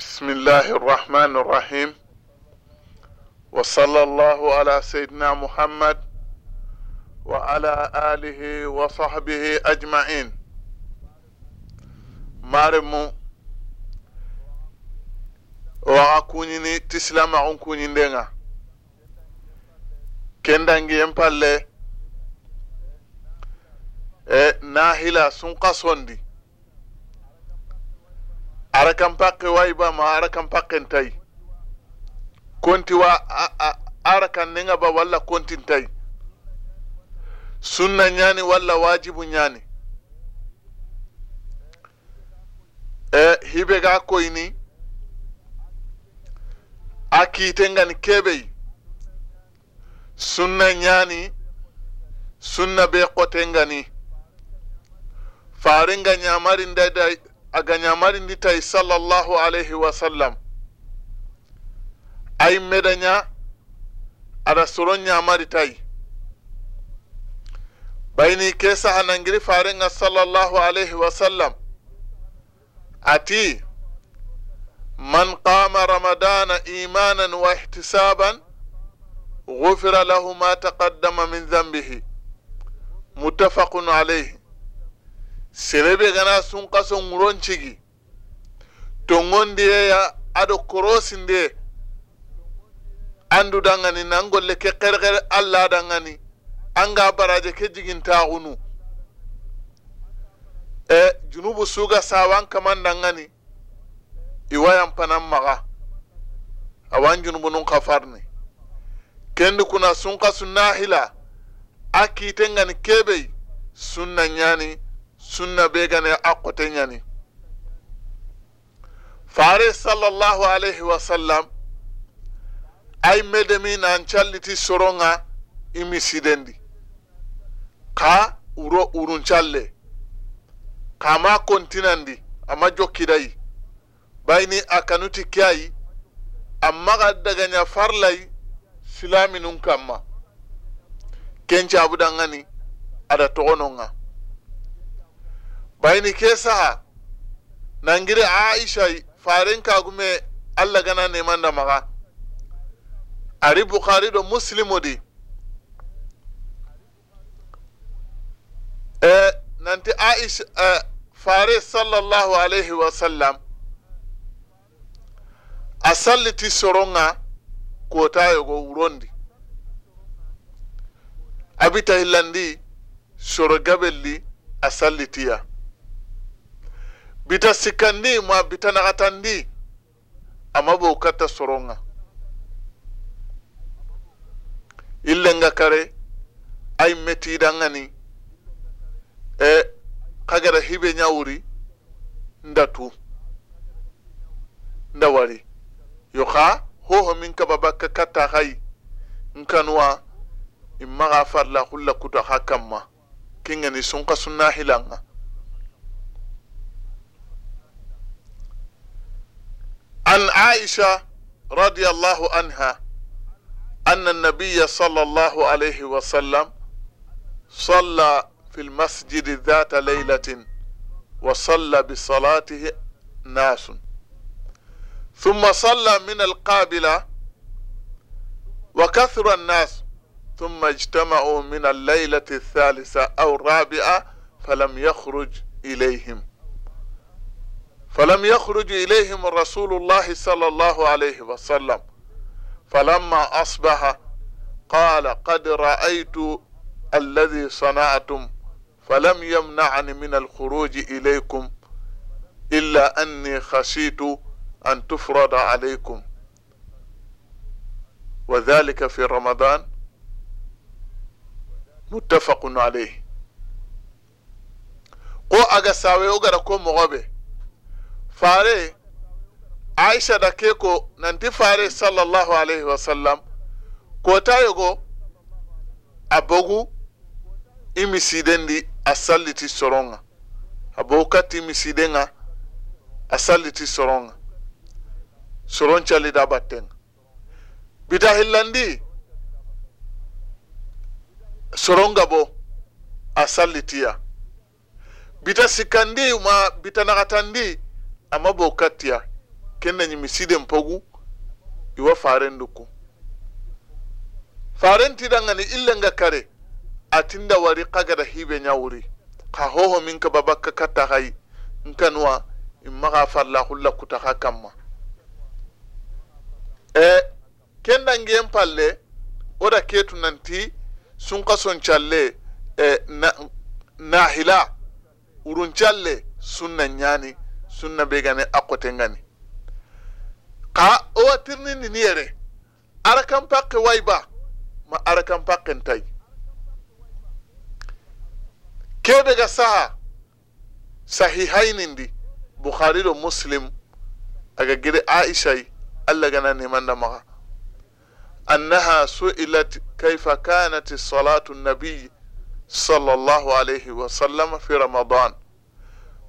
بسم الله الرحمن الرحيم وصلى الله على سيدنا محمد وعلى آله وصحبه أجمعين مارمو وعكونيني تسلم عنكوني لنا كندنجي يمبالي إيه، ناهلا سنقصوندي ara kan pakke ba ma ara kam pakken tay konti wa ara kan nenga ba walla kontin tay sunna nyani walla wajibu nyani e hibe ga aki a kiitengani kebe sunna ñaani sunna be faringa nyamari ndai aga ñamarinditay sallallahu alayhi wa sallam ay meda ña aɗa soro tay bayni ke sahanangiri farenga sallallahu alayhi wa sallam ati man qama ramadana imanan wa ihtisaban غفر له ما تقدم من ذنبه متفق عليه sebebe gana sun kaso ŋuron cigi ya ado korosindiye andu dangani nan golle ke kerker allah dangani anga baraje ke jigin hunu e junubu suga sawan kaman dangani iwayan panan a awan junubu nun kafarni kendi kuna sun kasu nahila a ngani kebe sunna yani sunna be gane akkote ñani faare sallallahu alayhi wa sallam ay medemi nan calliti soronga i misidendi ka wuro uruncalle kama kontinandi ama jokkidayi bayni a kanuti keyayi amma ga daganya farlayi silaminun kamma kenca abudangani ada togononga bayni ke saha nangiri aisha faren kagume allah gana neman da maka ari bukhari da muslimu di e eh, ti aisha e, eh, fare sallallahu alaihi wasallam a salliti soronga kota yogo wurondi abita hillandi soro gabelli a sallitiya bita sikandi ma bita nagatandi ama bo kata soronga nga kare ay dangani e kagara hibe nyawuri ndatu ndawari yoka hoho min kaba kata katta xayi nkanuwa gafar farla hakan kuta xa kamma sunka sunna hilanga. عن عائشه رضي الله عنها ان النبي صلى الله عليه وسلم صلى في المسجد ذات ليله وصلى بصلاته ناس ثم صلى من القابله وكثر الناس ثم اجتمعوا من الليله الثالثه او الرابعه فلم يخرج اليهم فلم يخرج إليهم رسول الله صلى الله عليه وسلم فلما أصبح قال قد رأيت الذي صنعتم فلم يمنعني من الخروج إليكم إلا أني خشيت أن تفرض عليكم وذلك في رمضان متفق عليه قو أغساوي sawe o gara fare aisha da keko ko nanti faare sallallahu alaihi wasallam kota yogo a bogu i misidendi a salliti soron a bogu kati misiden ga a salliti soron ga soron calida batten bita hillandi soron gabo a sallitiya bita sikandi ma bita nakatandi amabo katia kenna nyimiside mpogu iwa faren duku faren tidangani illenga kare atinda wari da hibe nyawuri ka hoho min ka babakka katta hay nkanwa imma ka farla hulla kuta e kamma e kendangiyen palle oda ketu nanti kason challe e, na, nahila uruncalle sunna nyani sunna be gane akkoten gani ka owa tirnindi ni yere arakan pakke wayba ma arakan pakken tay ke daga saha sahihainindi bukhari do muslim aga giri aishai alla gana nemanda maga annaha su'ilat kaifa kanat salatu nabiy صلى الله عليه وسلم في رمضان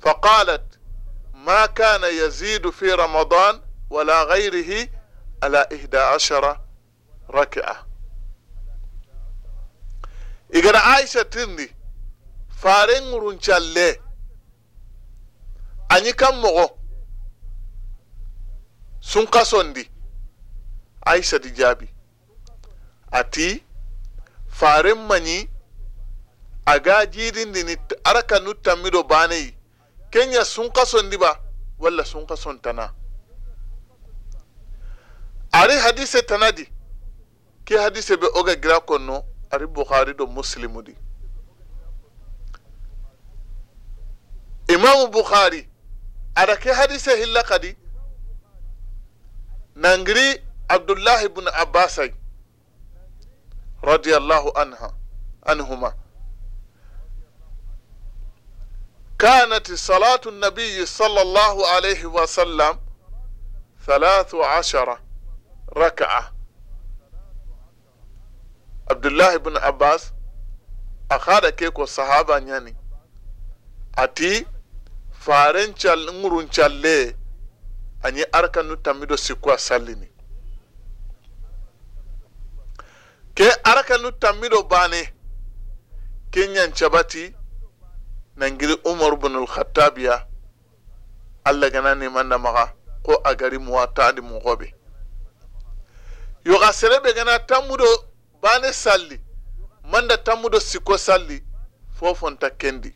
فقالت ma kana yazidu fi ramadan wala ghairihi ala ihda ashara raki'a igara aisha tindi faren ŋurun calle anyi kan mogo sun kasondi aisha di jaabi ati faren mañi aga jiidindini araka nu tammido baaneyi kenya sun kason diba walla sun kason tana ari hadise tana di ke hadise be oga gira konno ari bukhari do muslimu di imamu bukhari ara ke hadise hilla kadi nangiri abdullahi ibn abbasai radiyallahu anha anhuma كانت صلاة النبي صلى الله عليه وسلم ثلاث عشرة ركعة عبد الله بن عباس أخذ كيكو صحابة يعني أتي فارن شال نورن شال أني أركن تمدو سكوا ساليني أركن arakanu باني كي نيان شباتي nangiri umar bin al-khattab allah gana neman da maka ko a gari ta di mugobe yoga be gana tamudo bane salli manda tamudo siko salli ta kendi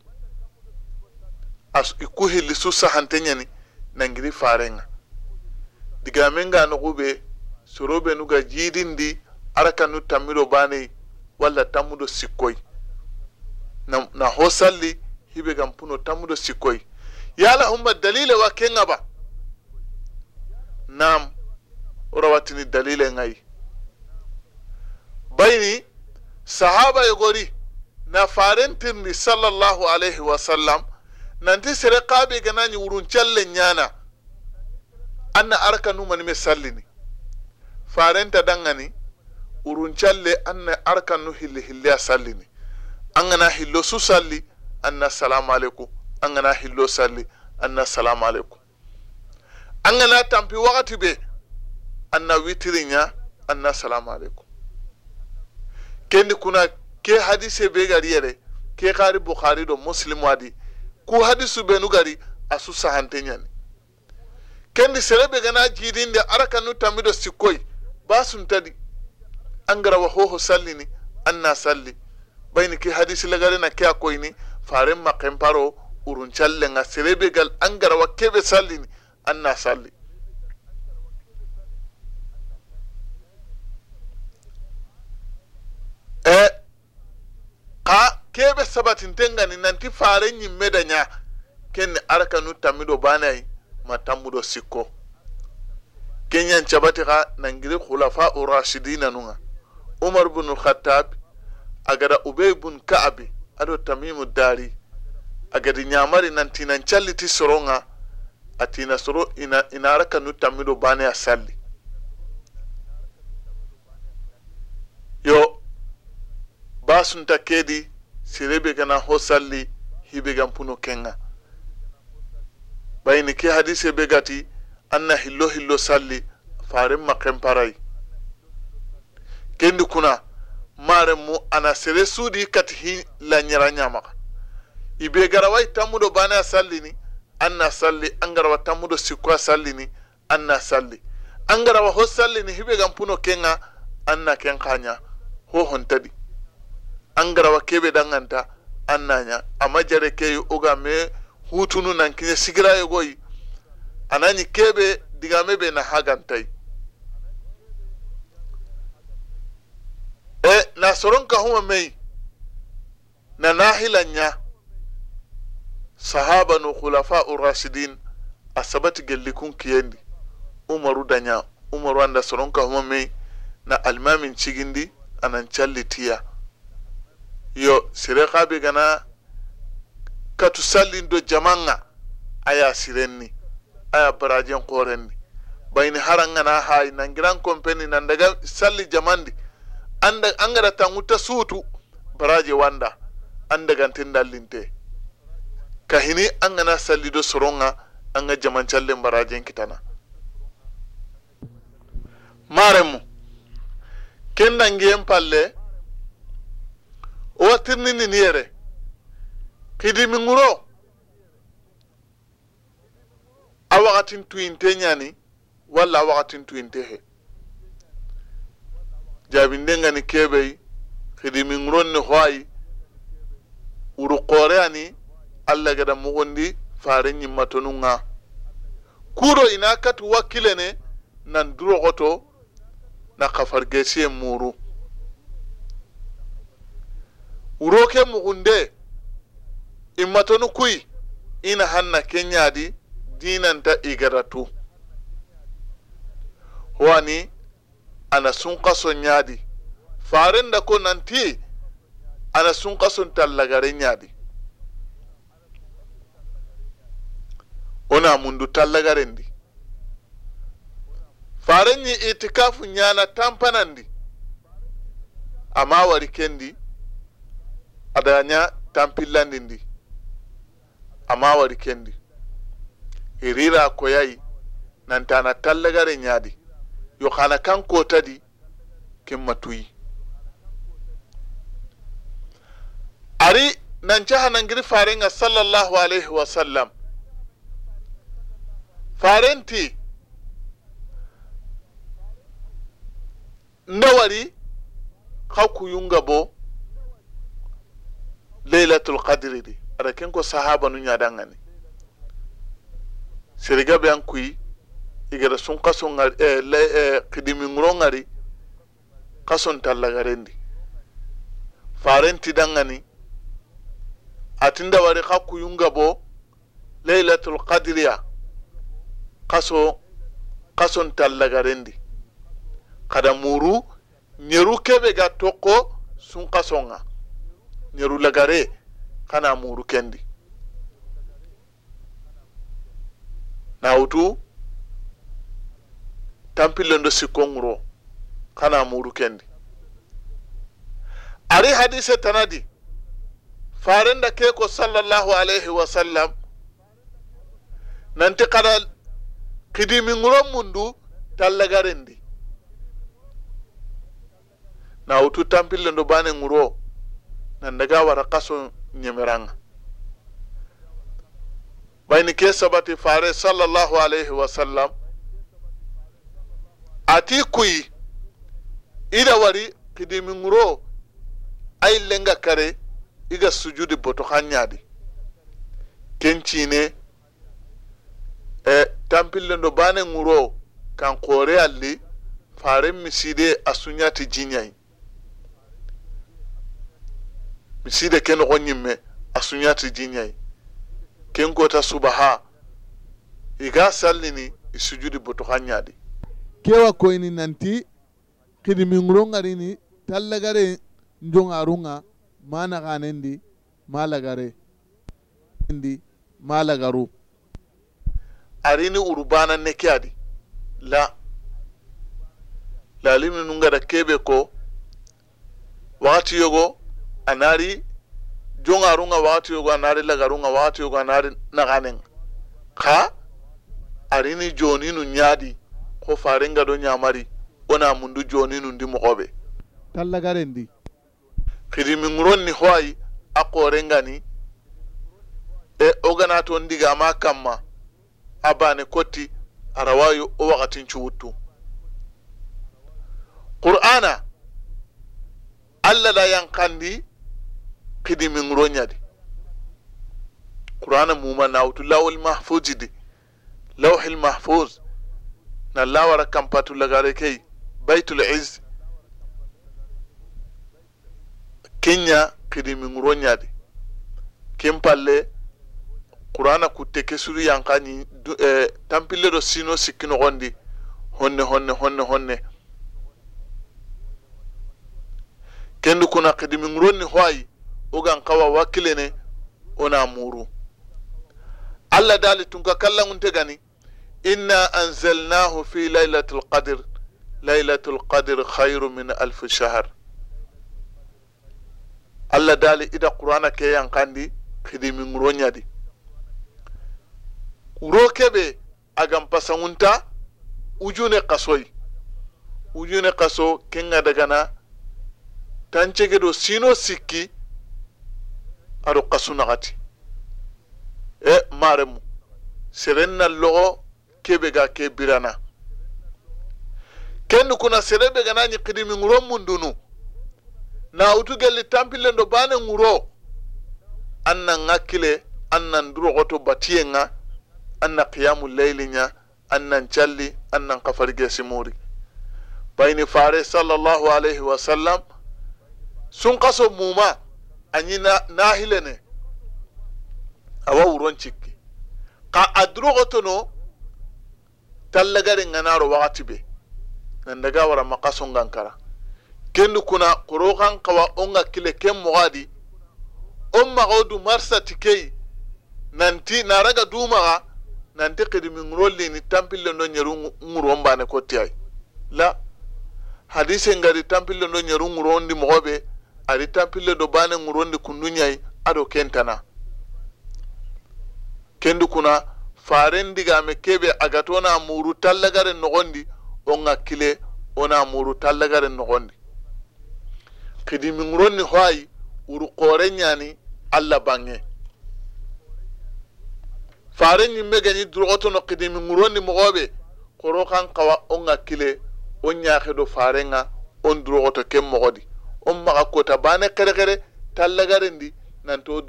as iku hilli su sahante fare nangiri farenga min ga noxube sorobe nuga jidindi araka nu tammido baneyi walla tamudo sikoi na, na ho salli hibe gam puno tammuɗo sikkoy yala umma dalila wa kenga ba nam rawatini dalila ngayi bayni sahaba yogori e na farentirndi sallallahu alaihi wa sallam nanti sere kaaɓe wurun challe nyana anna arka numani me sallini farenta dangani challe anna arka nu hilli hilli a sallini an gana hillo su salli anna salamu alaikum an gana hillo salli anna salamu alaikum an gana tampi wakati be anna ya nya anna salamu alaikum kendi kuna ke hadise be gari yare, ke kari bukhari do muslim wadi ku hadisu nu gari su sahante nyani kendi sere be gana jidinde arakanu tamido ba sun tadi an garawa hoho salli ni na salli bayni ke hadisi lagare na ke ni. farin makin faro urun challe nga serebe gal angara wa kebe salli ni anna salli e ka kebe sabatin tengani nanti fare nyimme da nya kenne arkanu tamido banai matammudo siko kenyan cabati ka nangiri khulafa urashidina nunga umar bin khattab agada ubay bin ka'abi aɗo tamimu dari agadi ñamari nantinan calliti soronga atina soro ina inara kanu tammiɗo bane a salli yo basunta kedi sirebe gana ho salli hibe gan puno kenga bayini ke hadise be gati anna hillo hillo salli faren maken parai kendi kuna mare mu ana sere sudi kati hi la nyara nyama ibe garawa tamudo bana sallini anna salli an garawa tamudo sikwa sallini anna salli an garawa ho sallini hibe gam puno kenga anna ken kanya ho hontadi an garawa kebe danganta anna nya amma jare keyi oga me hutunu nan kine sigira yogoyi anani kebe digame be na hagantai soronka huma mei na nahila nya sahaba nu khulafa urashidin a sabati gelli kun kiyendi umaru danya umaru anda soron ka huma mei na almamin cigindi anan callitiya yo sire kabe gana katu sallin do jamanga aya sirenni aya barajen korenni bayni harangana hay nangiran kompeni nan daga salli jamandi an gara tanguta sutu baraje wanda an dagantin dallinte kahini angana sallido soronga anga ga jamancallen barajen kitana maremu ken dangiyen palle owa tirninini yere kidiminguro a wakatin tuyinte ɲani walla a wakatin tuyinte he jaabindengani keɓey hidi min ni xoayi wuru ani allah geda mugondi faare ñimmatonunga kuuro ina kati wakkilene nan durogoto na kafargesiyen muuru wuroke mugunde immatonu kuy ina hanna kenyadi dinanta igaratu howani ana sun kason yadi farin da ko nan ti ana sun kason tallagarin yadi ona mundu tallagarin di farin yi itikafin yana tampanan di amma wari kendi adanya din di amma wari kendi irira koyayi nan tana tallagarin yadi yo xana kanko tadi kin matuyi ari nan farin a sallallahu alaihi wasallam ti ndawari xa kuyunga bo lailatul qadri di ada ko sahaba nun ya dangane be an kuyi igara sun kaso ngari eh, le, eh, kidimi nguro ngari kason talla garendi farenti dangani atinda wari ka kuyunga bo laylatul qadriya kaso kason talla garendi kada muru nyeru kebe ga toko sun kasonga nyeru lagare kana muru kendi na utu tampillen do sikkonŋuro kana muru kendi ari hadise tanadi farenda ke ko sallallahu alaihi wa sallam nanti kada kidiminŋuron mundu tallagarendi na wutu tampille ndo bane nguro nan daga wara kaso ñemeraŋa bayni ke sabati fare sallallahu alaihi wa sallam atikui ida wari kidiminguro ay lenga kare iga sujudi boto hanyadi ne e tampillen do bane nguro kan kore alli faren miside a jinyai miside ke nogo ñimme a jinyai ken kota subaha iga sallini i sujudi boto hanyadi kewa koyni nanti kidimingurongarini tallagare njongarunga ma naganendi ma lagare ndi ma lagaru arini urbana neke ke adi la lalimi nungada kebe ko wakati yogo anari jongarunga wakati yogo anari lagarunga wakati yogo anari naganen ka arini joninu nyadi ho farenga do nyamari ona mundu joninu ndi talla garendi kidi min ronni hoyi ayi a ni e ogana to ndiga ma kamma a bane kotti ara wawi o wakatin cuwuttu qur'ana allah la yankandi kidi min roñadi qur'ana muma nawtu lawol mahfuji di lawhil mahfuz na lawara kam patulagare kai baitul iz kenya kidiminguro ñadi kin palle qur'ana kutte ke suru yankani eh, tampile do sino sikino gondi honne honne honne honne kendo kuna kidiminguronni hoayi wo gan kawa wakkilene ona muru allah dali tun ka kallan gani inna anzalnahu fi lailat lqadr lailat lqadr khairu min alf shahr allah dali ida qur'ana ke yankandi kidi min roñadi wuro keɓe agam ujune kasoy ujune kaso kenga dagana tancegeɗo sino sikki aɗo kasu nagati e maremu serenna logo kebe ga ke birana kendu kuna serebe gana qidimi ŋuro mundunu na utu gelli tampilen do bane ŋuro an nan ŋakkile an nan durogoto batiyen ŋa an na qiyamu leyli ɲa an nan calli an nan kafarigesi muri bayini fare sallallahu alaihi wasallam sun kaso muma anyi nahilene awa wuron cikki ka a durogotono tallagarin ganaro wakati be nandaga wara makason kara kendi kuna korokan kawa onga kile ken mugadi on mago du marsa tikei nanti naraga dumaga nanti kidimingurolini tampille do ñeru ŋuron bane kottiyai la hadise ngadi tampille do ñeru ŋurondi mogoɓe adi tampille do bane ŋurondi kunduñai ado kentana kendi kuna diga me kebe agati wona muru tallagare nogondi onga kile wona muru tallagare nogondi kidimiŋuronni hoayi wuru kore ñani allah bange fare ñimme gañi durogotono kidimiŋuronni mogoɓe koro kan kawa onga kile o ñahido farenga on durogoto ken mogodi on maga kota bane kerekere tallagarendi nanti o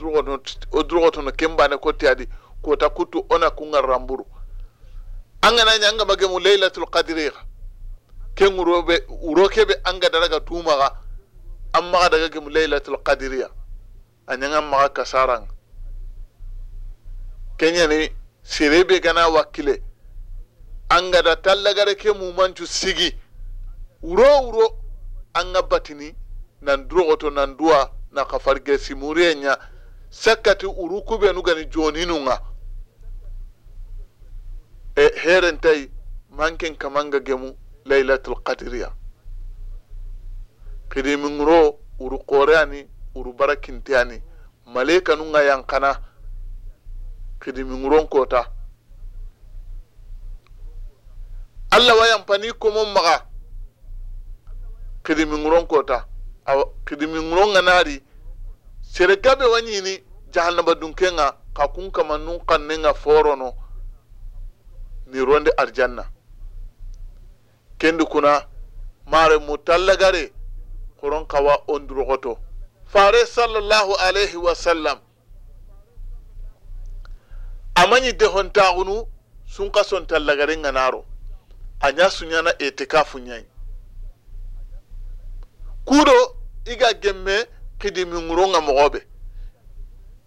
durogotono ken bane kotte adi kota kutu ona kunga ramburu anga na nyanga bage mu lailatul qadri ken ngurobe uroke be anga daraga tuma ga amma ga daga mu lailatul qadri anyanga ma kasarang kenya ni sirebe gana wakile anga da tallagare ke mu manju sigi wuro wuro an batini nan durogoto nan duwa na kafarge simurenya sakati uru sakkati urukubenu gani joninunga e herentai manken kamanga gemu lailatul qadiriya kidimingiro uru qorani uru barakintani malaika nunga yankana kidimingiron kota allah wa yampani mon maga kidimingiron kota kidimingiron sere gabe wanyini jahanaba dunkenga ka kun kama nun kannenga forono ronde arjanna kendi kuna mare mutallagare koron kawa ondurogoto fare sallallahu alaihi wasallam amañi dehontaxunu sun ka son tallagare ŋanaro a ɲa ete etikafu ɲai kudo i ga gemme xidimiŋuro ŋa mɔgɔ be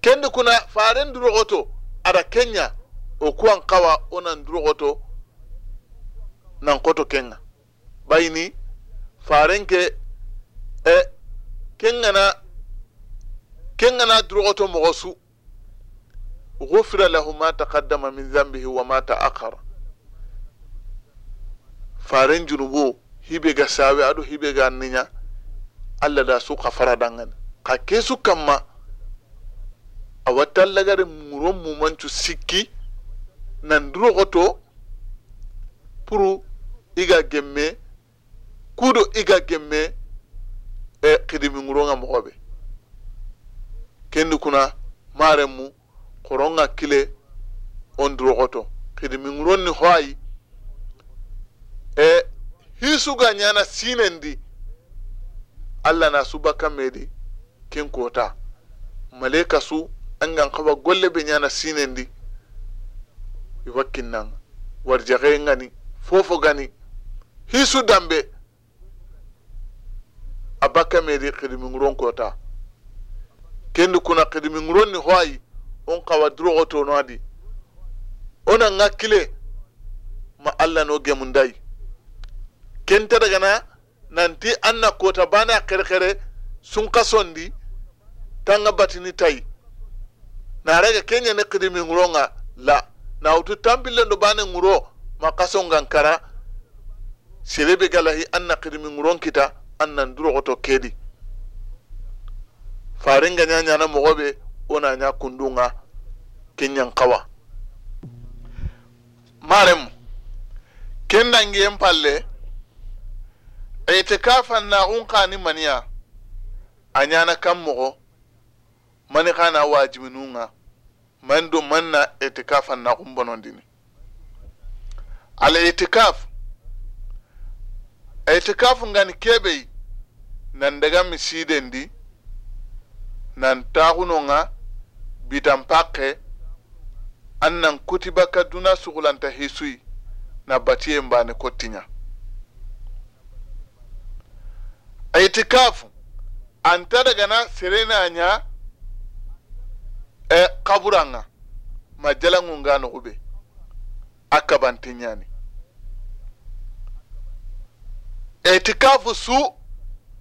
kendi kuna faren durogoto ada kenya o kuwan kawa wo nan durogoto nan koto kenga bayini faren ke e kengana kengana durogoto mogo su gufira lahu ma taqaddama min zambihi wa ma تأخر faren junubu hibe ga sawe ado hibe ga ninya alla da su kafara dangan ka ke su kamma awatallagare muro mumancu sikki nan pour puru iga gemme kudo iga gemme e nguronga moxoɓe kendi kuna maremu koronga kile on durogoto nguron ni hoayi e hisuga ñana sinendi allah na suba kammedi kenkota malaika su angan kawa golle be ñana sinendi i wakkinnanga warjaxe ngani fofo gani hisu dambe a bakka medi xidiminguron kota kendi kuna xidiminguron ni hoayi on kawa duroxo tono adi ona nga kile ma allah no gemundayi kenta dagana nanti an na kota bana xerexere sunka sondi tanga batini tayi na rege kenya ne kidimi nguro la na utu tambile ndo bane nguro makaso ngankara serebe galahi anna kidimi nguron kita nan durogoto kedi faringa nyanyana mogobe ona nya kundunga kenyan kawa marem kendangiyen palle itikafan na unkani maniya a ɲana kan mogo mani kana wajibi nunga man do man na itikaf an na kumbonondini al itikaf itikaf ngani kebe nan daga ndi nan taxunonga bitan pakke an nan kutiba ka duna sugulanta hisui na batiyen bane kottiña an anta daga na serena nya. e kaburanga ma jalanŋunga noxu be a kabante ɲani etikafu su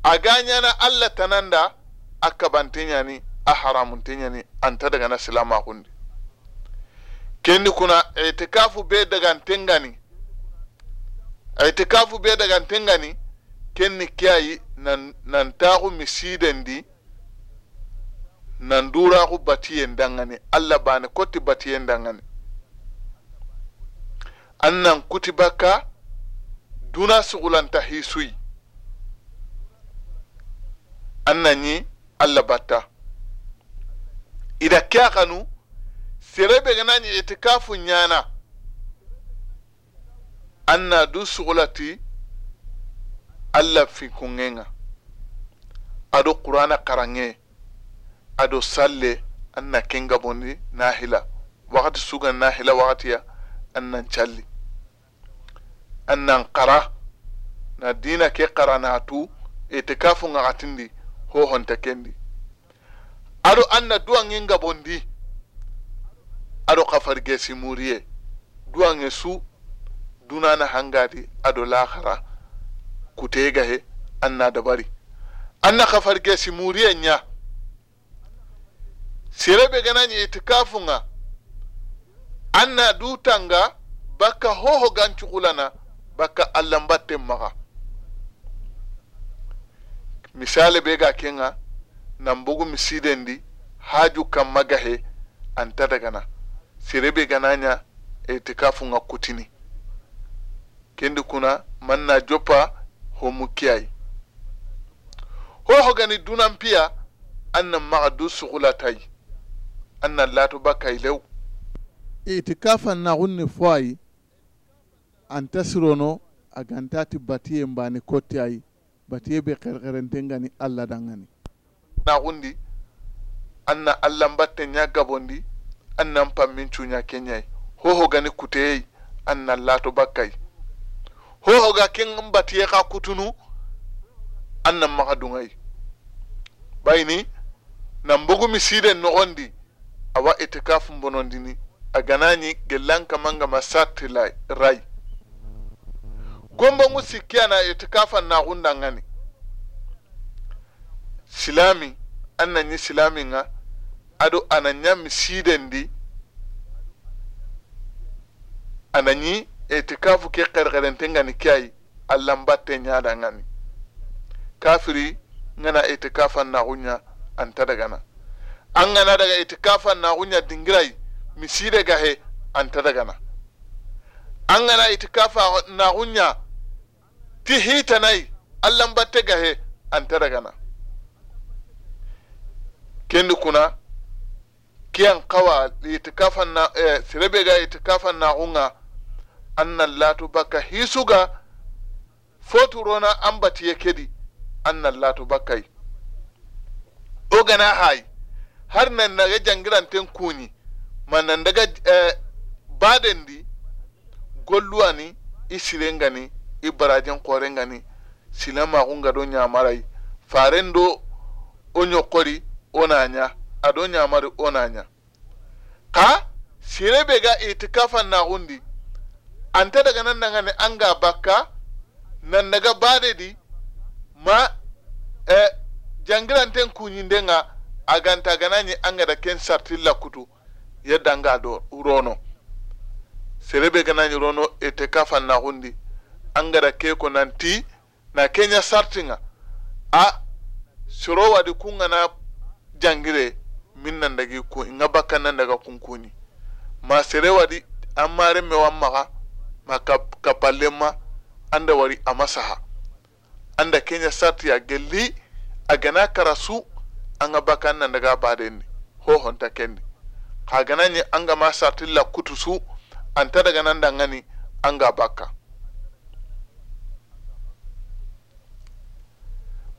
a ga ɲana allah tananda a kabante ɲani a haramunte ɲani anta dagana silamaxundi kendi kuna etikafu be dagantengani etikafu be dagantengani kenni ke ayi nan taxu misidendi nan dura duraku batiyen dangane allah bani kotti batiyen dangane annan baka duna sugulanta hisuyi annan yi allah batta ida kya kanu serebe ganani itikafu nyana anna du sugulati allah finkungenga ado qur'ana karange ado salle anna kenga bondi nahila wakati sugan nahila wakati ya annan challi annan qara na dina ke kara na tu itikafu ngagatindi ho honta kendi ado anna duwa nginga bondi ado kafar gesi muriye duwan su dunana hangadi ado lakara kutega he anna dabari anna kafar gesi muriye nya sirebe gananyi itikafu nga anna dutanga bakka hoho gancukulana bakka allah mbatten maga misale be ga kenga nan bugu misidendi haju kan magahe anta dagana sirebe gananya itikafu nga kutini kendi kuna manna joppa homu kiyayi hoho gani dunan piya annan maga du sugulatayi anna latu bakkay lew itikafan na hunni fo ayi an sirono a batiye mbani kotti ayi batiye be kerkerenten ni allah dangani na hundi anna alla mbatte nya gabondi annan pammin cuña kenyayi hoho gani kuteyeyi anna lato bakkayi hoho ga ken batiye ka kutunu anna maga dungayi bayini nan bogumi siden noxondi awa a bonondini aganani gelanka kaman gama lai rai gombo kiya na itikafan na gunda gani silami anna yi silami nga ado ananya misidendi ananyi itikafu ke kerkerente ngani kiai allambate nyada ngani kafiri ngana itikafan na ta anta gana an gana daga itikafan na hunya dingirai misi da gahe an ta daga na an gana itikafa na hunya ti hita nai an batte ga he an ta daga na kendi kuna kiyan kawa itikafan na eh, sirebe ga itikafan na hunga annan latu baka hisuga foturona ambati ya kedi annan latu bakai ogana hai har nan ga jangiran ten kuni ma nan daga eh, baden di golluwa ni i siren gani i barajen koren gani silama kunga do ñamarai faren do o ñokkori o a do ñamari o nya ka sire be ga itikafan an anta daga nan an ga bakka nan daga bade di ma eh, kuni denga. a ganta gana ni an gada ken sartilla kutu danga do rono serebe ni rono ete kafan an gada ke ko nanti na kenya sartinga a soro wadi na jangire min nan dagi ko nga bakkan nan daga kunkuni ma sere wadi amare me wa maka ma kapalle ma anda wari amasaha anda kenya sarti a gelli a gana karasu an ga bakan nan daga baden ni hohon ta kenni ka gana ni an ga masartilla kutusu an ta daga nan gani an ga baka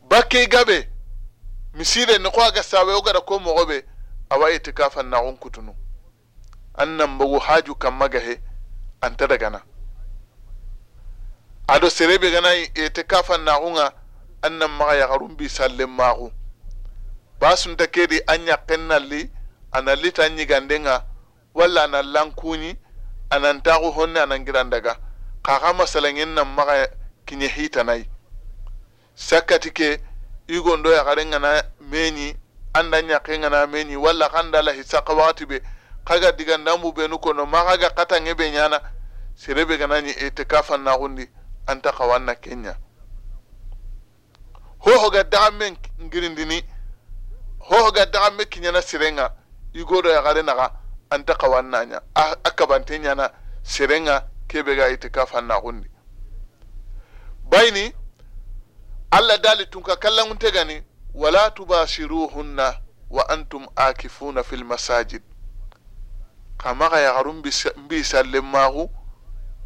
bakai gabe misire ni ko ga sawe o da ko mogo be awa itikafan na on kutunu an nan haju kan magahe an ta daga na ado serebe gana itikafan na unga an nan maga yagarun bi sallen magu basunta kedi an ɲakken nalli ana litan ɲigandenga wala ana lankuɲi anan taxu honne anan girandaga xa xa masalanŋen nan maxa kiɲe hitanayi sakkati ke ya garenga na meɲi anda kenga na meɲi wala kanda la sakka waxati be ndambu be nuko no maga ga xatanŋe be ɲana serebe ganañi ete kafan naxundi anta kenya ho ho ga damen ngirindini hoga daga me kinyana sirenga igoro ya gare naga anta kawanna nya akabante nyana sirenga kebe ga itikafa na gundi baini alla dali ka kallan unte gani wala tubashiruhunna wa antum akifuna fil masajid kama ga ya garun bi sallin ka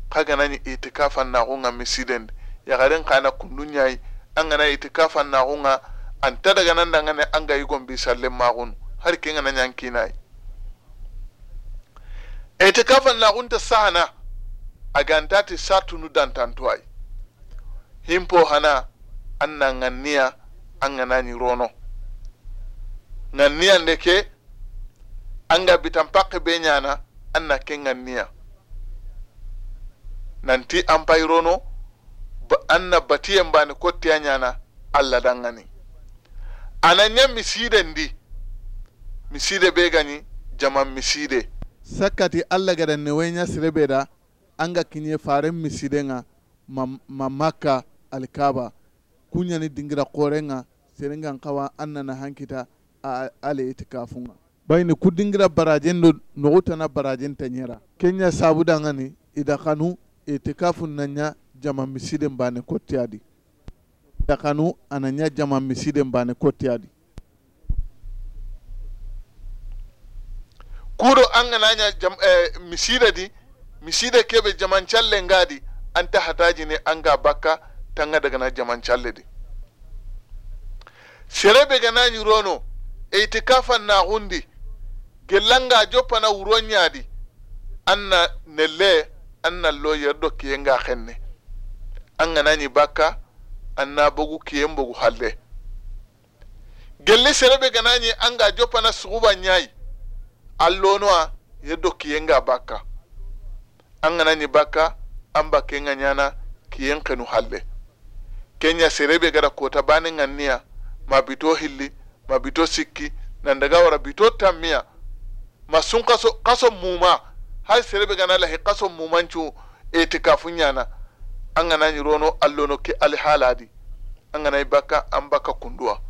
kaga nani itikafan na gunga misiden ya garin kana kundunyai an gana itikafan na gunga an ta daga nan da ne an gayi yugon sallin magun har kin ngana nyan kinai e ta kafan na unta sana a ganta ta satunu dan tantuai himpo hana an na nganniya an ngana ni rono nganniya ne ke an ga bitan pakke be nyana an na ke nganniya nanti an pay rono an na batiyen bani kottiya nyana allah dan ngani ananya miside ndi miside be gani jaman miside sakkati allah gada newenya sirebeda an ga kiɲe faren miside ŋa ma makka alikaba kuɲani dingira koren ŋa seren gan kawa an nana hankita a ale itikafun ŋa bayini ku dingira barajen do nogu tana barajen ta ɲera kenya sabudan ŋani idakanu itikafun nanya jaman misiden bane kottiyadi dakanu ananya jama mbane koti adi kudo an gananya jam, eh, miside di miside kebe jaman challe ngadi an ta hataji ne anga ga bakka tanga daga na jaman challe di serebe gana nyurono itikafa na hundi gelanga na uronya di anna nelle anna lo yerdo kiyenga khenne an gananyi bakka anna bogu kiyen bogu halle gelli serebe ganani anga jopana suguba nyai allonoa yeddo kiyenga baka an ganani baka an ba kenga nyana kiyen kenu halle kenya serebe gara kota bani anniya ma bito hilli ma bito sikki na daga wara bito tammiya ma sun kaso, kaso muma har serebe gana lahi kaso mumancu etikafu yana an gana rono allono ke alhaladi an gana yi baka an baka kunduwa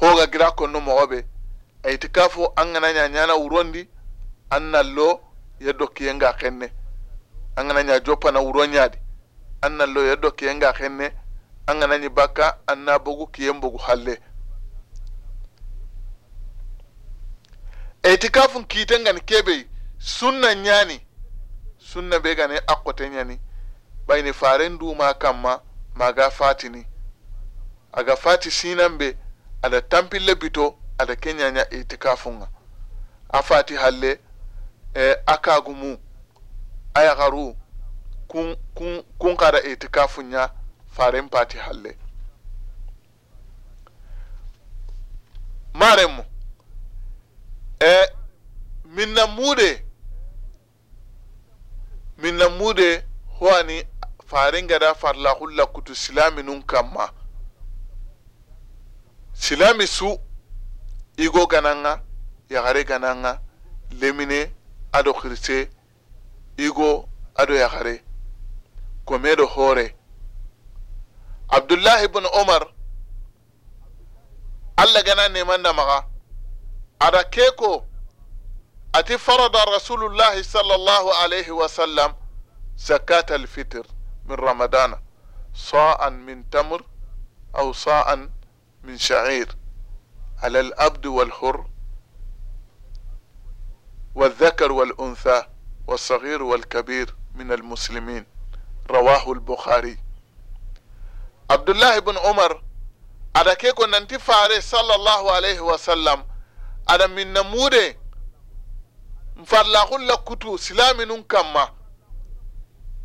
hoga gira konno mogo be a yiti ka fo an gana ɲa ɲana wurondi an na ya ye do kiyen ga kenne an gana ɲa jopana wuro ɲadi an na lo ye do kiyen ga kenne an gana ɲi baka an na bogu kiyen bogu halle a ti ka fun kiiten gani kebe sunna ɲani sunna be ne akkote ñani ɓayni faren duma kamma maga fatini aga fati sinan be ada tampille bito ada kenyanya itikafunga a fati halle e akagumu ayagaru kun, kun, kun kada itikafunya faren pati halle maremu e minna mude min na mude huwani farin gada farla hulla kutu silami nun kama silami su igo gananga gare gananga lemine ado kirse igo ado kome komedo hore abdullahi ibn umar allah gana neman da maga ada keko أتي فرض رسول الله صلى الله عليه وسلم زكاة الفطر من رمضان صاعا من تمر أو صاعا من شعير على الأبد والحر والذكر والأنثى والصغير والكبير من المسلمين رواه البخاري عبد الله بن عمر على أدكيكو ننتفع عليه صلى الله عليه وسلم أدى من نموذج nfarlaxulla kutu silaminun kanma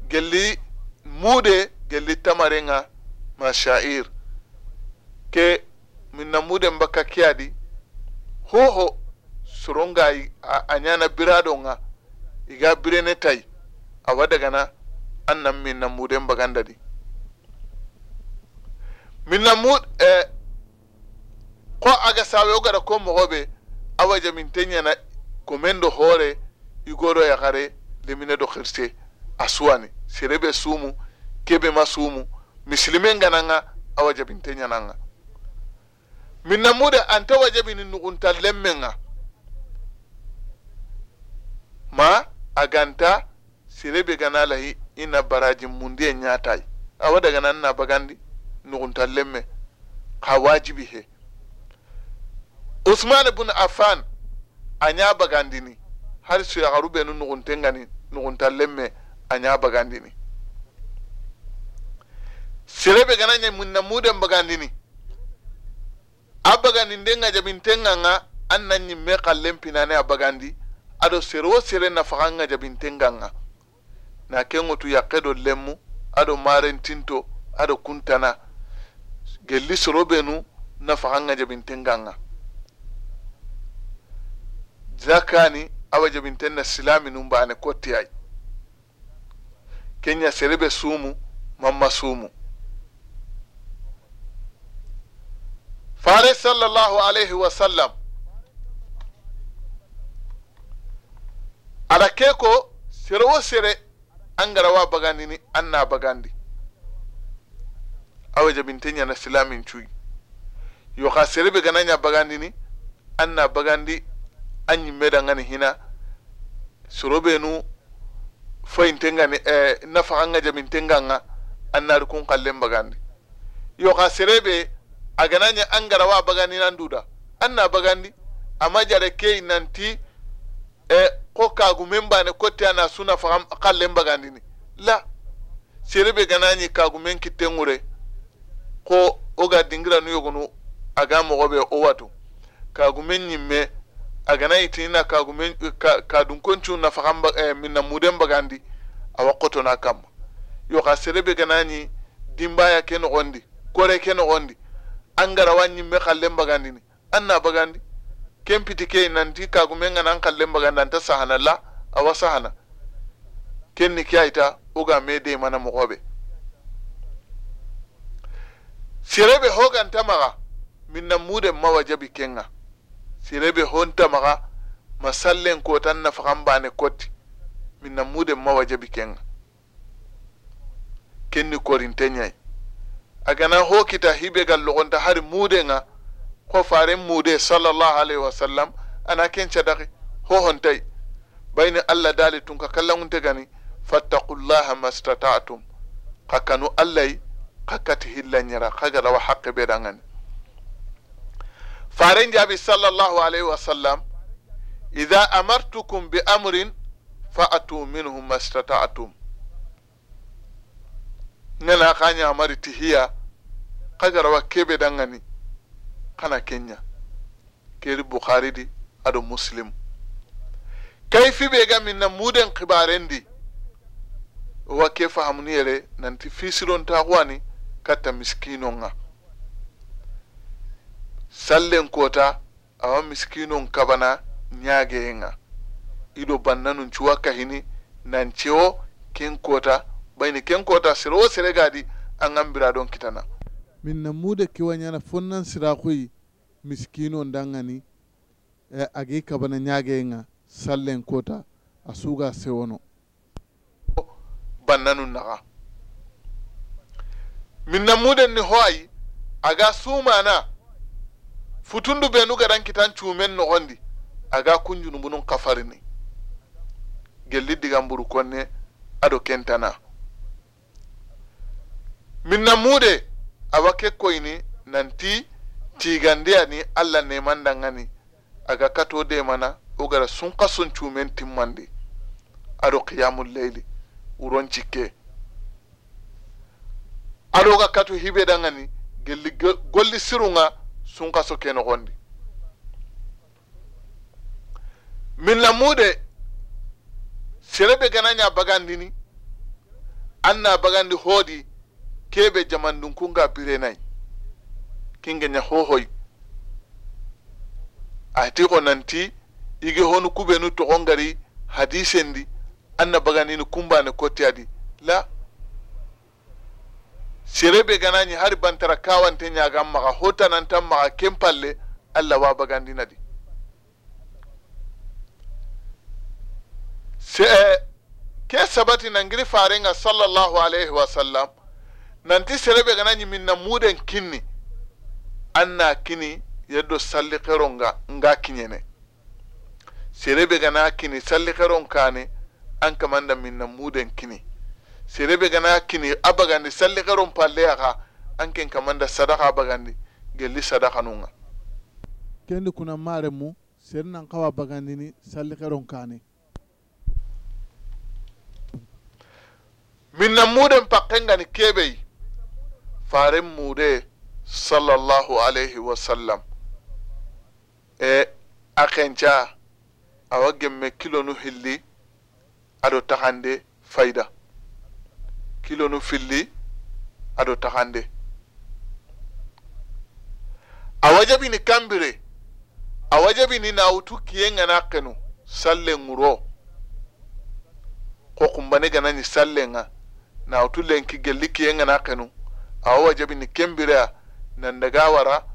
gelli mude gelli tamarenga mashair ke minna muden bakka kiyadi hoho soronga a ñana biradonga iga birene tai awa dagana an nan minna muden bagandadi minna mud eh, ko aga sawe o gada ko mogoɓe awa jaminte ñana ko men ɗo hoore igoɗo yakare limine ɗo hirte a suwani serebe sumu kebe ma sumu misilime gananga awa jabinte ñananga min namude anta wa jabini nugunta lemmenga ma aganta serebe gana lahi ina baraji mundiye ñatayi awa dagana nna bagandi nugunta lemme ka wajibi he usman bun affan a ɲa bagandini hali suyagaru benu nugunten gani me a ɲa bagandini sere gana ɲa munna bagandini a bagaginden ga jabinten ga ga an na ɲimme pinane a bagandi ado sere wo sere nafaxan ga jabinten ga ga na ken ŋutu yakke do lenmu ado marentinto ado kuntana gelli soro benu nafaxan ga jabinten ga ga zakani awa jabinten jabintenna silami numbane kottiyay kenya serebe suumu mamma suumu fare sallallahu alayhi wa sallam ala ke ko sere wo sere an garawa ni an na bagandi awa jabinte ñana silamin cuuyi yo xa serebe gananya ni an na bagandi an yi mai dangane hina sorobenu foyintengani eh, nafaxanga jamintenganga an nari kun xallen bagandi yau ka serebe a ganaña an garawa bagandi nan duda an na a ma jare ke nanti eh, ko kagumen bane kotte ana su nafaxa xallen ne la serebe ganañi kagumen kitten ŋure ko wo ga dingiranu yogonu aga moxo be ka gumin yin mɛ. a yi kagumen ka, na nafahamba eh, minna muden bagandi a wakoto na kam yo ka serebe ganani baya ke nogondi kore ke nogondi an garawa kallen bagandi ni an na bagandi ken piti ke nanti kagumen gana an kallen bagandi ta sahana la a awa sahana ken ni ke ayita wo ga me demana hokan serebe hoganta min minna muden mawa jabi kenga sirebe honta ma sallen kotan nafaxan bane koti min na muden mawa jabi kenga kenni korinte nyai a gana ho kita hibe gal ta hari mudenga ko faren mude sallallahu alaihi wasallam ana ken cadaki ho bai bayni allah dali tun ka kallangunte gani fattaqullaha mastata'tum ka kanu allahi ka kati hilla ñera ka haqqe ɓeɗangani faren abi sallllahu alayhi wa sallam ida amartukum bi amrin fa atu minhu mastata'tum nena ka ñamari tihiya kagarawa kebe dangani kana kenya keri bukhari di ado muslim kayfi be ga min na muden di wa ke fahamuni yere nanti fisirontaxuwani katta miskino ga sallen kota awa miskinun kabana ñaageyinga ido bannan cuwa kahini nan nancewo ken kota bayni ken kota sere wo sere gadi an ambira don kitana min na mude kiwañana fonnan sirakuyi miskino dangani e, agi kabana ñaageyinga sallen kota a suga sewono bannanun naxa min mu da ni ho ayi aga sumana futundu benu gadan kitan cumen nogondi aga bunun kafarini gelli digamburu konne ado kentana minna mude awa ke koyini nanti tigandeyani allah neman dangani aga kato demana wo gara sunka sun cumen timmandi ado qiyamul leyli wuron cikke ado ga kato hibe dangani gelli golli sirunga sunkaso ke nogondi min lamude serebe gananya bagandini anna bagandi hoodi kebe jamandun kunga birenayi kinge nya hohoy ati ko nanti ige honu kubenu togongari hadisendi anna bagandini ne kotti adi la serebe ganañi hari bantara kawante ñagan maxa hotanan tan maxa ken palle allah wabagandina di se eh, ke sabati nangiri farenga sallallahu alayhi wa sallam nanti serebe ganañi min na muden kinni anna kini yeddo salli xeronga nga kiñene serebe gana kini salli xeron kane an kamanda min na muden kini serebe gana kini abagandi salli garon palle aga anken da sadaka bagandi gelli sadaka nunga kendi kuna mare mu sere nan kawa ni salli garon kane minna muden pakkengani kebei faren mude sallallahu alaihi wa sallam e a kenca awa gemme kilonu hilli aɗo taxande fayda kilonu filli ado taxande a wajabini kambire a wajabini nawutu kiyengana kenu sallen nguro ko kumbane ganani na nawutu lenki gelli kiyengana kenu awa wajabini kembirea nandaga wara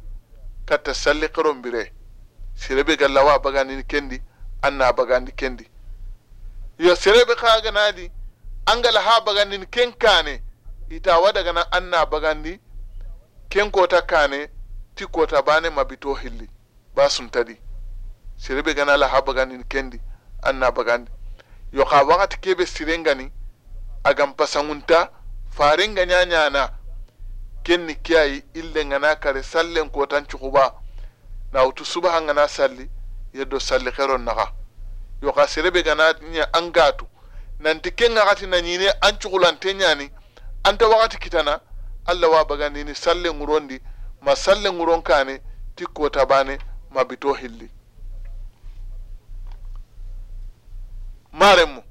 katta salli keronbire sirebe gallawa bagandini kendi anna bagandi kendi yo sirebe kaganadi ga ha bagandin ken kane wa daga nan anna bagandi ken kota kane ti kota bane mabito hilli ba sumtadi sirebe gana la ha bagandin kendi na bagandi yo ka wakati kebe sirengani agam pasangunta farenga nyanyana ni kiyayi ille ngana kare sallen kotan cukuba na suba subaha ngana salli yeddo salli kero naga yo ka sirebe gana nya angatu nanti ken ŋakati na ñine an cugulante ñani anta wakati kitana allah wa bagandini salle ŋurondi ma salle nguron kani ti kota bane ma bito hilli maremu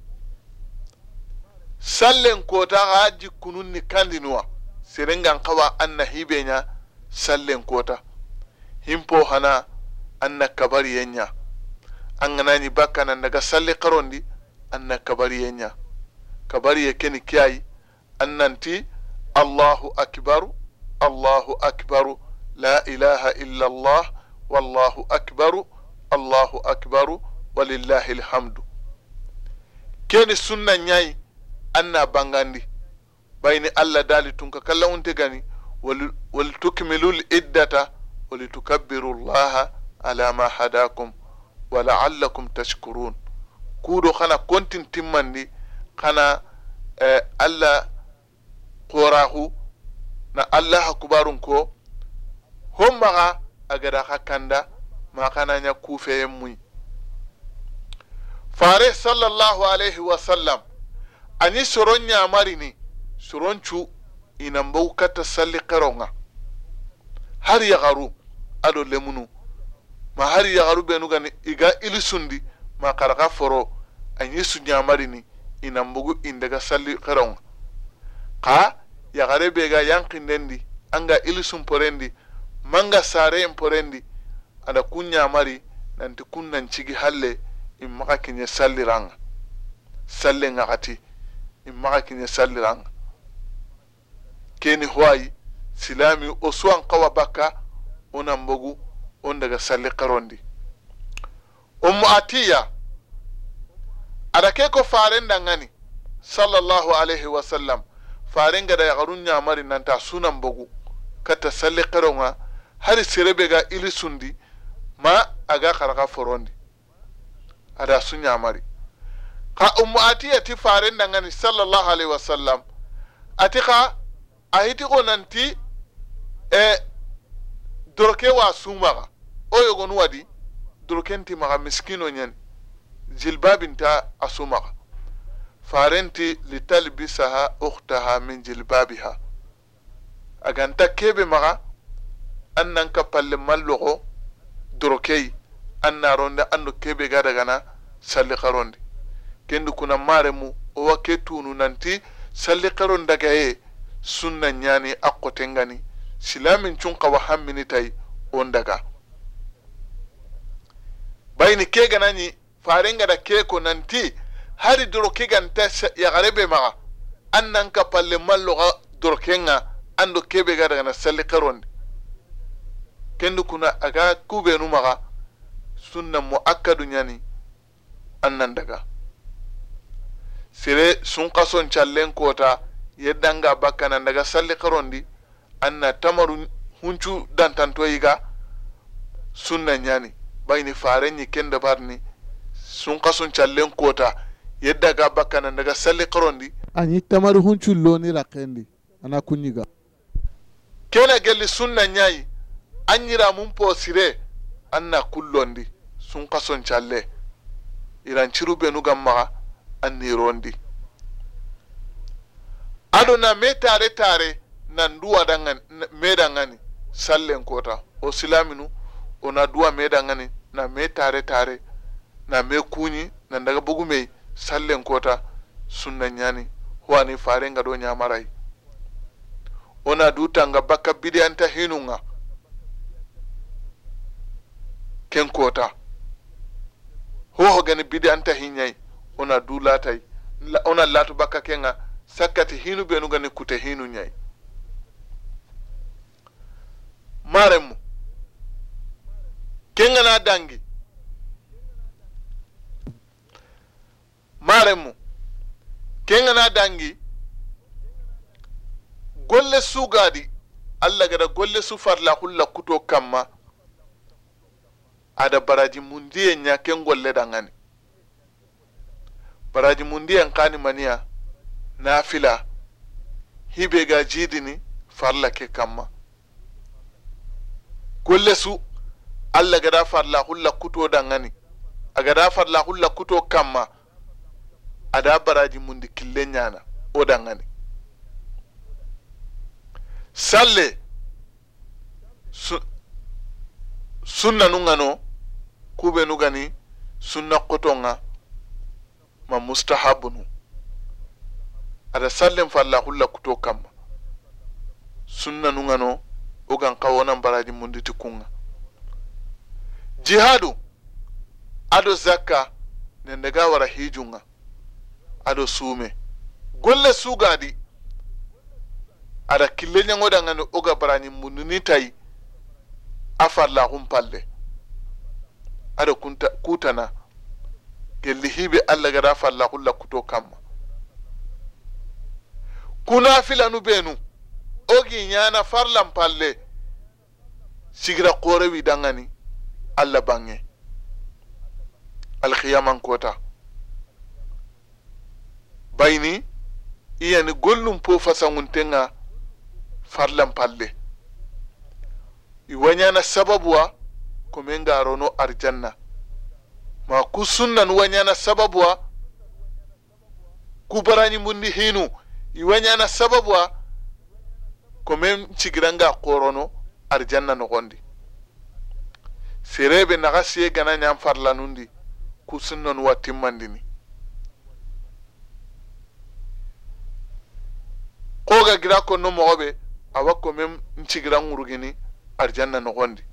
sallen kota xa jikkunun ni kandinuwa serengan kawa an na nya kota himpo hana an na kabariyenya an ganani na daga salle karondi anna kabariye ña kabariye keni kiyayi annanti allahu akbaru allahu akbaru la ilaha illa allah wallahu akbaru allahu akbaru walillahi lhamdu keni sunna ñayi anna bangandi bayni allah daali tunka kalla unte gani ولتكملوا العدة ولتكبروا الله ala ما هداكم wala'allakum تشكرون kuɗo kana kontin timmandi kana eh, allah korahu na allah hakubarun ko hommaxa a gada xa kanda ma xananya kufeyen muy fare sallallahu alaihi wa wasallam ani soron ñamarini soroncu inambau kata salli xeronga har yaxaru ado lemunu ma har yaxaru benu gani iga ilisundi ma kara ka foro anyi ni ina mbugu indega salli xeronga xa yaxare be ga yankindendi anga ilisumporendi manga sare porendi ada kunñamari nanti kun cigi halle in maxa kiɲe salliranga salle ŋaxati in maxa kiɲe salliranga keni howayi silami o suwan xawa bakka wo nan bogu daga salli xerondi ummu atiya ada ke ko faren da ngani sallallahu alaihi wa sallam faren ga da garun nyamari nan ta sunan bugu kata salli karonga har sirebe ga ili sundi ma aga karaka forondi ada sun nyamari ka ummu atiya ti faren da ngani sallallahu alaihi wa wasallam atika ahiti ko nanti e doroke wa sumaga o yogonu wadi durkenti maga miskino ñen jilbabinta a sumaga farenti litalbisaha ha min jilbabiha aganta kebe maga an nan ka palle mallogo dorokei an naronde ando kebe ga dagana salli karonde kendi kuna mu owa ke tunu nanti salli karon daga dagaye sunna ñani a kotengani silamin cun wa hamini tai on daga bayni kega nani farenga da keko nanti hari duro kiganta yagarebe maga annan ka palle ga duro kenga ando kebe ga daga na salli karondi kendu kuna aga nu maga sunna muakkadu ñani annan daga sire sunkason callen kota yeddanga bakkana daga salli karondi anna tamaru huncu dantantoyiga sunna nyani. bayni faren ni kenda barni sun kasun challen kota yadda ga bakkanan daga salli qarondi anyi tamari huncullo ni rakendi ana kunyiga kena gelli sunna ñayi an ñira mun po an na kullondi sun kason calle iran ciru benu gan maxa an nirondi ado na me tare tare nan duwa dangani me dangani sallen kota o silaminu ona duwa me dangani na me tare tare na me kuñi na daga mai sallen kota sunna do nya marai ɗo duta wona baka bakka bidiyanta hinunga ken kota ho gani bidiyanta hinñayi ona dula tai ona latu bakka kenga sakkati hinu ɓenugani kute hinu ñayi maremu kenga na dangi maremu kenga na dangi golle su gadi allah gada golle su farla hulla kuto kamma ada baraji mundiye nya ken golle dangani baraji mundiyen kani na nafila hibe ga jidini farla ke kamma golle su allah gada farla hulla kuto dangani gada farla hulla kuto kamma da baraji mundi kille ñana o dangani salle su, sunna nu ngano kube nu gani sunna koto nga ma mustahabu nu ada sallen falla hulla kuto kamma sunna nu ngano o gan kawonan baraji mundi ti kunga jihadu ado zakka nendaga wara hijunga ado sume golle sugadi ada kille ñagodangani oga barañin mununi tayi a farla hun palle kunta kutana gelli hibe allah gada farla hulla kuto kamma kuna filanu benu ogi ñana farlan palle sigira korewi dangani allah bange bayini bayni iyani gollum po fasanguntenga farlan palle iwañana sababuwa komin garono arjanna ma ku sunnan wañana sababuwa ku barañimbundi hinu iwañana sababuwa komen cigiranga korono arjanna nogondi serebe naxa siye gana ɲan farlanundi ku sinnon ko koga gira konno moxo ɓe awa kome ncigira ŋurugini arjanna noxondi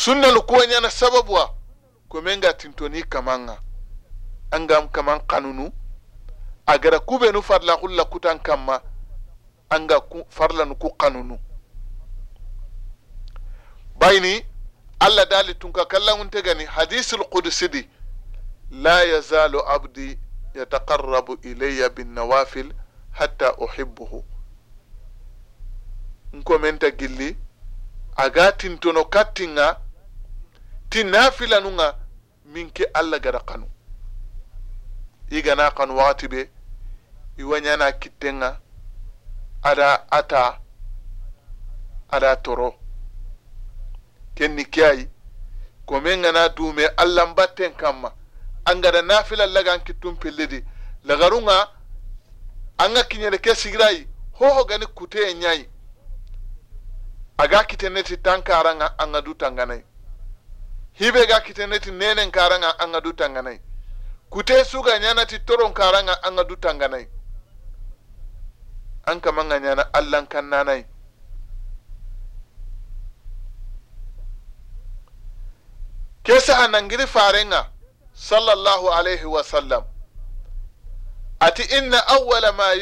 sunnalu kuwa ɲana sababuwa kome nga tintoni kamanga angam kaman kanunu agara kubenu farla xulla kutan kamma anga ku farlan ku kanunu bayni allah dali tun ka kallan unte gani hadisul qudsi di la yazalu abdi yataqarrabu ilayya bin nawafil hatta uhibbuhu nko menta gilli aga tintono kattinga ti nafilanunga min ke allah gada kanu i gana kanu wati be iwañana kittenga ada ata ada toro kenni kiyayi komin gana dume allan batten kamma an gada nafilan lagan kittun pillidi lagarunga an ga kinyere ke sigirayi hoho gani kute en yayi ne kiteneti tan karanga an ga dutanganai hibe ga kiteneti nenen karanga an ga dutanganai kute suga ti toron karanga an ga dutanganai an kaman ga ñana allan kannanayi kesa a nangiri farenga sallallahu alaihi wa sallam ati inna awwala ma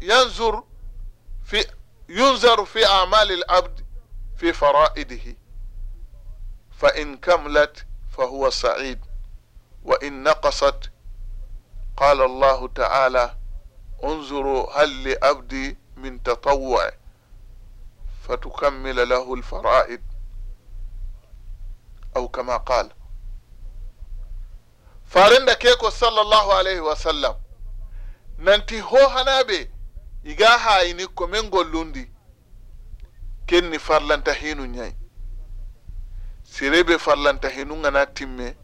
yanzur fi yunzar fi al-abd fi fara'idihi fa in kamlat fa huwa sa'id wa in naqasat قال الله تعالى انظروا هل لأبدي من تطوع فتكمل له الفرائض أو كما قال farin da keko sallallahu alaihi wasallam nanti ho hanaɓe iga hayini komin gollundi kenni farlanta hinu ñayi sirebe farlanta hinu ngana timme